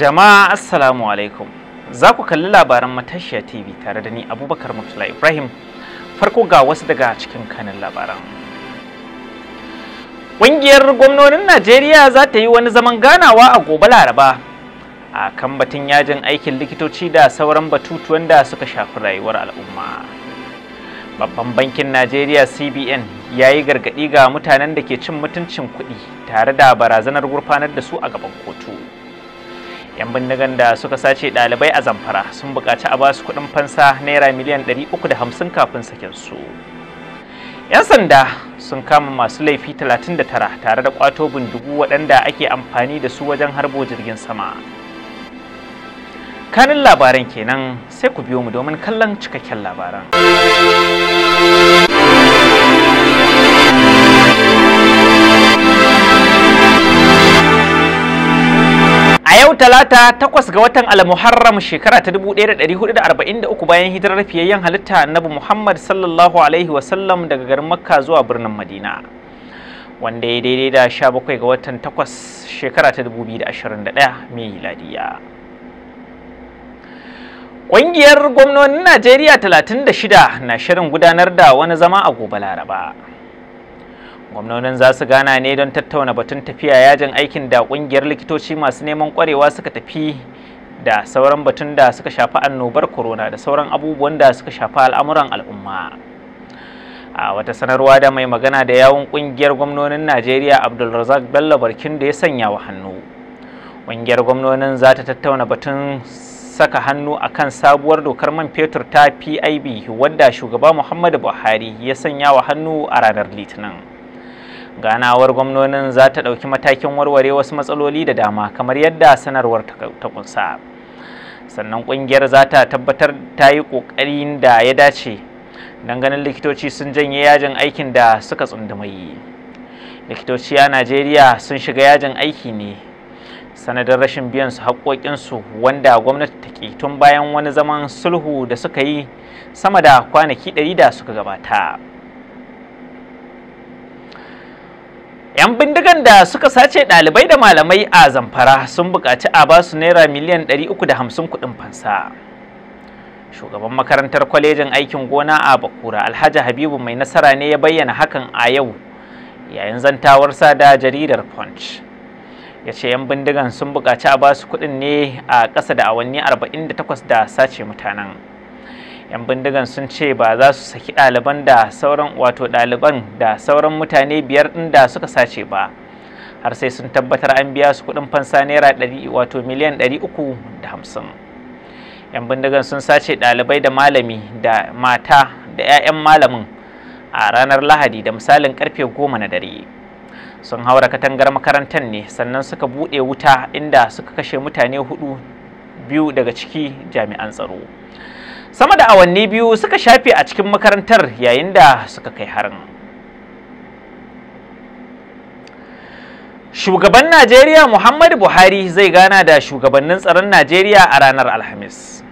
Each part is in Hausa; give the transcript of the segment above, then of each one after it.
Jama'a Assalamu alaikum. Za ku kalli labaran Matashiya TV tare da ni Abubakar Murtala Ibrahim. Farko ga wasu daga cikin kanin labaran. Ƙungiyar gwamnonin Najeriya za ta yi wani zaman ganawa a gobe Laraba. A kan batun yajin aikin likitoci da sauran batutuwan da suka shafi rayuwar al'umma. Babban bankin Najeriya CBN ya yi gargaɗi ga mutanen da ke cin mutuncin kuɗi tare da barazanar gurfanar da su a gaban kotu. 'yan bindigan da suka sace dalibai a zamfara sun buƙaci a basu kuɗin fansa naira miliyan 350 kafin sakin su 'yan sanda sun kama masu laifi 39 tare da kwato bindigu waɗanda ake amfani da su wajen harbo jirgin sama kanin labaran kenan sai ku biyo mu domin kallon cikakken labaran A yau talata takwas ga watan Al-Muharram shekara ta 1443 bayan hijirar fiyayyen halitta Annabi Muhammad sallallahu alaihi wasallam daga garin Makka zuwa birnin Madina. Wanda ya daidai da 17 ga watan takwas shekara ta 2021 ladiya. Ƙungiyar gwamnonin Najeriya 36 na shirin gudanar da wani zama a gobe Laraba. gwamnonin za su gana ne don tattauna batun tafiya yajin aikin da ƙungiyar likitoci masu neman kwarewa suka tafi da sauran batun da suka shafi annobar corona da sauran abubuwan da suka shafi al'amuran al'umma a wata sanarwa da mai magana da yawun ƙungiyar gwamnonin najeriya abdulrazak bello barkin da ya sanya wa hannu ƙungiyar gwamnonin za ta tattauna batun saka hannu akan sabuwar dokar man fetur ta pib wadda shugaba muhammadu buhari ya sanya wa hannu a ranar litinin ganawar gwamnonin za ta ɗauki matakin warware wasu matsaloli da dama kamar yadda sanarwar ta kunsa sannan ƙungiyar za ta tabbatar ta yi ƙoƙarin da ya dace don ganin likitoci sun janye yajin aikin da suka tsundumai likitoci a najeriya sun shiga yajin aiki ne sanadar rashin biyan su haƙoƙinsu wanda gwamnati ta ƙi tun bayan wani zaman sulhu da suka yi sama da kwanaki ɗari da suka gabata 'yan bindigan da suka sace ɗalibai da malamai a zamfara sun buƙaci a ba su naira miliyan 350 kuɗin fansa shugaban makarantar kwalejin aikin gona a bakura alhaji habibu mai nasara ne ya bayyana hakan a yau yayin zantawarsa da jaridar punch ya ce 'yan bindigan sun buƙaci a ba su kuɗin ne a ƙasa da awanni 48 da sace mutanen 'yan bindigan sun ce ba za su saki ɗaliban da sauran wato ɗaliban da sauran mutane biyar ɗin da suka sace ba har sai sun tabbatar an biya su kuɗin fansa naira ɗari wato miliyan ɗari uku da hamsin yan bindigan sun sace ɗalibai da malami da mata da 'ya'yan malamin a ranar lahadi da misalin karfe goma na dare sun haura katangar makarantar ne sannan suka buɗe wuta inda suka kashe mutane hudu biyu daga ciki jami'an tsaro sama da awanni biyu suka shafe a cikin makarantar yayin da suka kai harin shugaban najeriya muhammadu buhari zai gana da shugabannin tsaron najeriya a ranar alhamis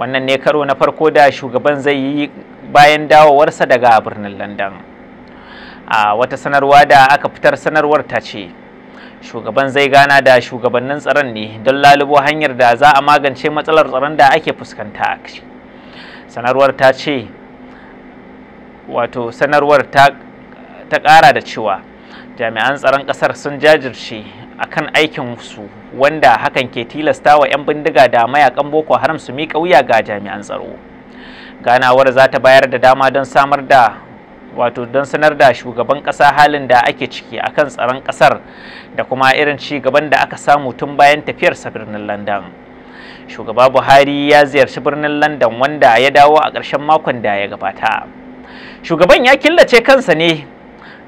wannan ne karo na farko da shugaban zai yi bayan dawowarsa daga birnin london a wata sanarwa da aka fitar sanarwar ta ce shugaban zai gana da shugabannin tsaron ne don lalubo hanyar da za a magance matsalar tsaron da ake fuskanta a sanarwar ta ce wato sanarwar ta ƙara da cewa jami'an tsaron ƙasar sun jajirce akan aikin su wanda hakan ke tilasta wa 'yan bindiga da mayakan boko haram su miƙa wuya ga jami'an tsaro ganawar za ta bayar da dama don samar da wato don sanar da shugaban kasa halin da ake ciki a kan tsaron kasar da kuma irin ci gaban da aka samu tun bayan tafiyarsa birnin london shugaba buhari ya ziyarci birnin london wanda ya dawo a ƙarshen makon da ya gabata shugaban ya killace kansa ne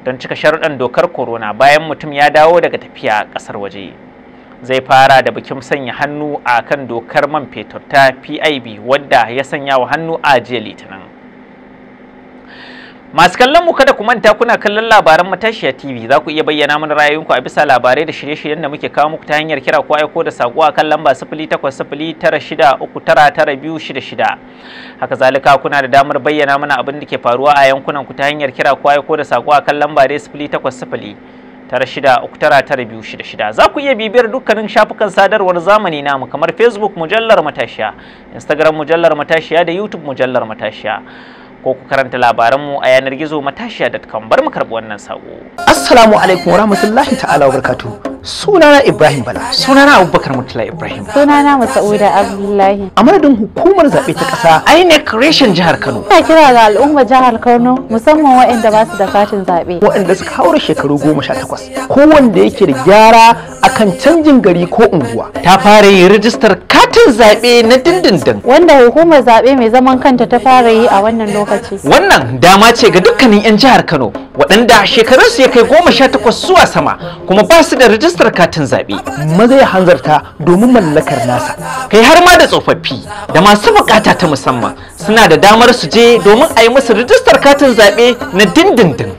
don cika sharuɗan dokar corona bayan mutum ya dawo daga tafiya ƙasar waje zai fara da bikin sanya hannu a kan dokar man fetur ta pib wadda ya sanya wa hannu a jiya litinin Masu kallon mu kada ku manta kuna kallon labaran matashiya TV za ku iya bayyana mana ra'ayoyinku a bisa labarai da shirye-shiryen da muke kawo muku ta hanyar kira ko aiko da saƙo a kan lamba 0809639266. Haka zalika kuna da damar bayyana mana abin da ke faruwa a yankunan ku ta hanyar kira ko aiko da saƙo a kan lamba 0809639266. Za ku iya bibiyar dukkanin shafukan sadarwar zamani namu kamar Facebook mujallar matashiya, Instagram mujallar matashiya da YouTube mujallar matashiya. ko ku karanta labaranmu a yanar gizo matashiya.com bar mu karɓi wannan sako. Assalamu alaikum warahmatullahi ta'ala wabarakatuh. Sunana Ibrahim Bala. Sunana Abubakar Mutula Ibrahim. Sunana Masauda Abdullahi. A madadin hukumar zaɓe ta ƙasa INEC reshen jihar Kano. Ina kira ga al'ummar jihar Kano musamman waɗanda ba su da katin zaɓe. Waɗanda suka haura shekaru goma sha takwas. kowanne yake da gyara akan canjin gari ko unguwa ta fara yin rijistar katin zaɓe na dindindin wanda hukumar zaɓe mai zaman kanta ta fara yi a wannan lokaci wannan dama ce ga dukkanin 'yan jihar kano waɗanda shekarunsu ya kai goma sha takwas zuwa sama kuma ba su da rijistar katin zaɓe maza ya hanzarta domin mallakar nasa kai har ma da tsofaffi da masu bukata ta musamman suna da damar su je domin a yi musu rijistar katin zaɓe na dindindin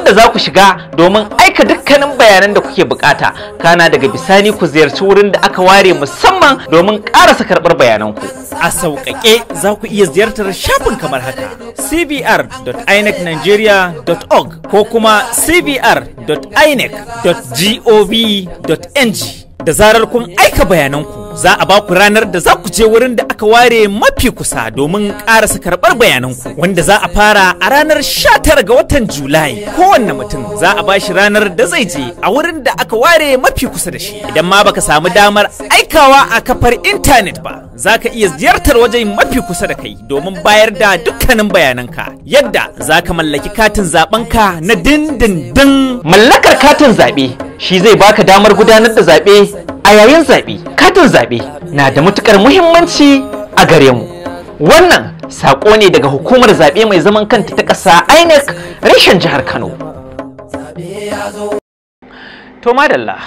da za ku shiga domin aika dukkanin bayanan da kuke bukata kana daga bisani ku ziyarci wurin da aka ware musamman domin karasa karɓar bayananku a sauƙaƙe za ku iya ziyartar shafin kamar haka cbr.inecnigeria.org ko kuma cbr.inec.gov.ng da zarar kun aika bayananku za a ba ku ranar da za ku je wurin da aka ware mafi kusa domin karasa karɓar bayananku wanda za a fara a ranar 19 ga watan julai kowanne mutum za a ba shi ranar da zai je a wurin da aka ware mafi kusa da shi idan ma baka samu damar aikawa a kafar intanet ba za ka iya ziyartar waje mafi kusa da kai domin bayar da dukkanin bayananka yadda za ka mallaki katin zaɓenka na dindindin mallakar katin zaɓe shi zai baka damar gudanar da zaɓe a yayin zaɓe katin zaɓe na da matuƙar muhimmanci a gare mu wannan saƙo ne daga hukumar zaɓe mai zaman kanta ta ƙasa inec reshen jihar kano to madalla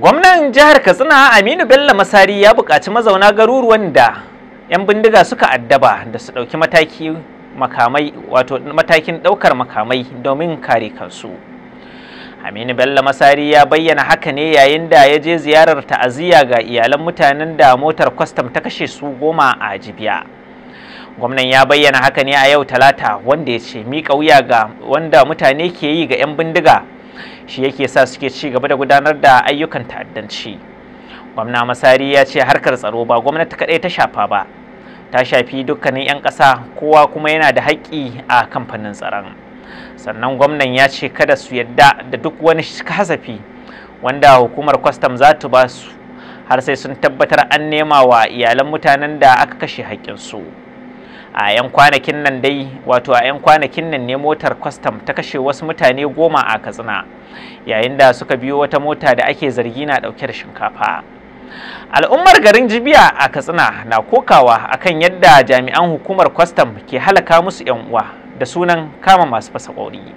gwamnan jihar katsina aminu bello masari ya buƙaci mazauna garuruwan da 'yan bindiga suka addaba da su ɗauki matakin ɗaukar makamai domin kare kansu. Aminu Bello Masari ya bayyana haka ne yayin da ya je ziyarar ta'aziyya ga iyalan mutanen da motar kwastam ta kashe su goma a Jibiya. Gwamnan ya bayyana haka ne a yau Talata wanda ya ce miƙa wuya ga wanda mutane ke yi ga 'yan bindiga shi yake sa suke ci gaba da gudanar da ayyukan ta'addanci. Gwamna Masari ya ce harkar tsaro ba gwamnati kaɗai ta shafa ba, ta shafi dukkanin 'yan ƙasa kowa kuma yana da haƙƙi a kamfanin tsaron. sannan gwamnan ya ce kada su yadda da duk wani kasafi wanda hukumar kwastam za ta ba su har sai sun tabbatar an nema wa iyalan mutanen da aka kashe haƙƙinsu a 'yan kwanakin nan dai wato a 'yan kwanakin nan ne motar kwastam ta kashe wasu mutane goma a katsina yayin da suka biyo wata mota da ake zargi na ɗauke da shinkafa al'ummar garin jibiya a katsina na kokawa akan yadda jami'an hukumar kwastam ke halaka musu 'yan uwa da sunan kama masu fasa ƙwauri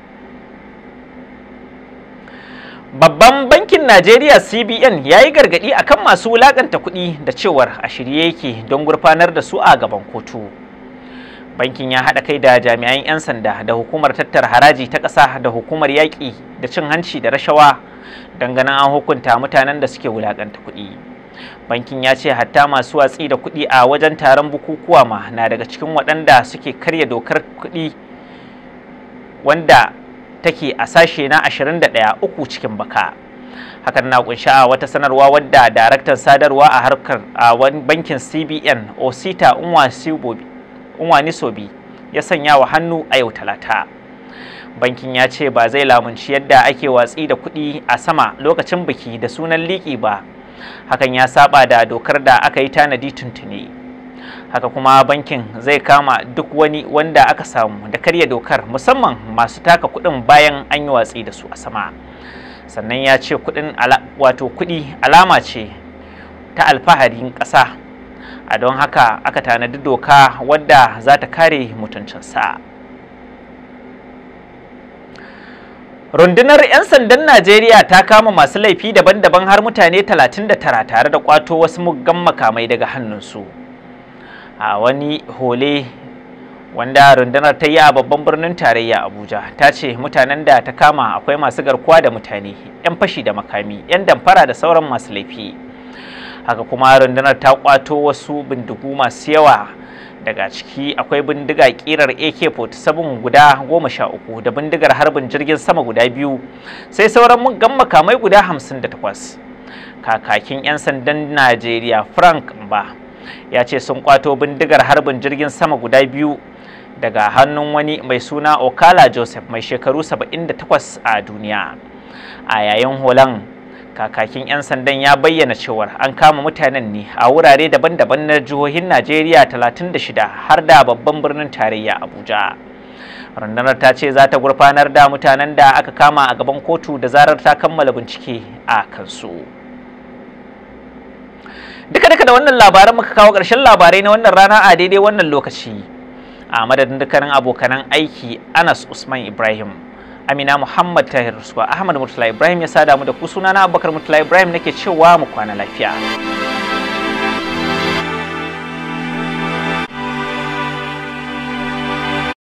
babban bankin najeriya cbn ya yi gargaɗi kan masu wulaƙanta kuɗi da cewar a shirye yake don gurfanar da su a gaban kotu bankin ya haɗa kai da jami'an 'yan sanda da hukumar tattara haraji ta ƙasa da hukumar yaƙi da cin hanci da rashawa don ganin an hukunta mutanen da suke wulaƙanta kuɗi bankin ya ce hatta masu watsi da kuɗi a wajen taron bukukuwa ma na daga cikin waɗanda suke karya dokar kuɗi wanda take a sashe na 21 uku cikin baka hakan na kunshi a wata sanarwa wadda daraktan sadarwa a harkar a bankin cbn osita unwanisobi ya sanya wa hannu a yau talata bankin ya ce ba zai lamunci yadda ake watsi da kuɗi a sama lokacin biki da sunan liƙi ba hakan ya saba da dokar da aka yi tanadi tuntuni haka kuma bankin zai kama duk wani wanda aka samu da karya dokar musamman masu taka kuɗin bayan an yi watsi da su a sama sannan ya ce kuɗin wato kuɗi alama ce ta alfaharin ƙasa a don haka aka tanadi doka wadda za ta kare mutuncinsa rundunar 'yan sandan najeriya ta kama masu laifi daban-daban har mutane 39 tare da kwato wasu muggan makamai daga hannunsu a wani hole wanda rundunar ta yi a babban birnin tarayya abuja ta ce mutanen da ta kama akwai masu garkuwa da mutane 'yan fashi da makami 'yan damfara da sauran masu laifi haka kuma rundunar ta kwato wasu bindigu masu yawa daga ciki akwai bindiga kirar ak-47 guda 13 da bindigar harbin jirgin sama guda biyu sai sauran muggan makamai guda 58 kakakin 'yan sandan najeriya frank ba ya ce sun kwato bindigar harbin jirgin sama guda biyu daga hannun wani mai suna okala joseph mai shekaru 78 a duniya a yayin holan kakakin 'yan sandan ya bayyana cewar an kama mutanen ne a wurare daban-daban na jihohin najeriya 36 har da babban birnin tarayya abuja rundunar ta ce za ta gurfanar da mutanen da aka kama a gaban kotu da zarar ta kammala bincike a kansu. duka duka da wannan labaran muka kawo ƙarshen labarai na wannan rana a daidai wannan lokaci a madadin dukkanin abokanan aiki anas usman ibrahim amina muhammad tahir suwa ahmad murtala ibrahim ya sada mu da ku sunana abubakar murtala ibrahim nake cewa mu kwana lafiya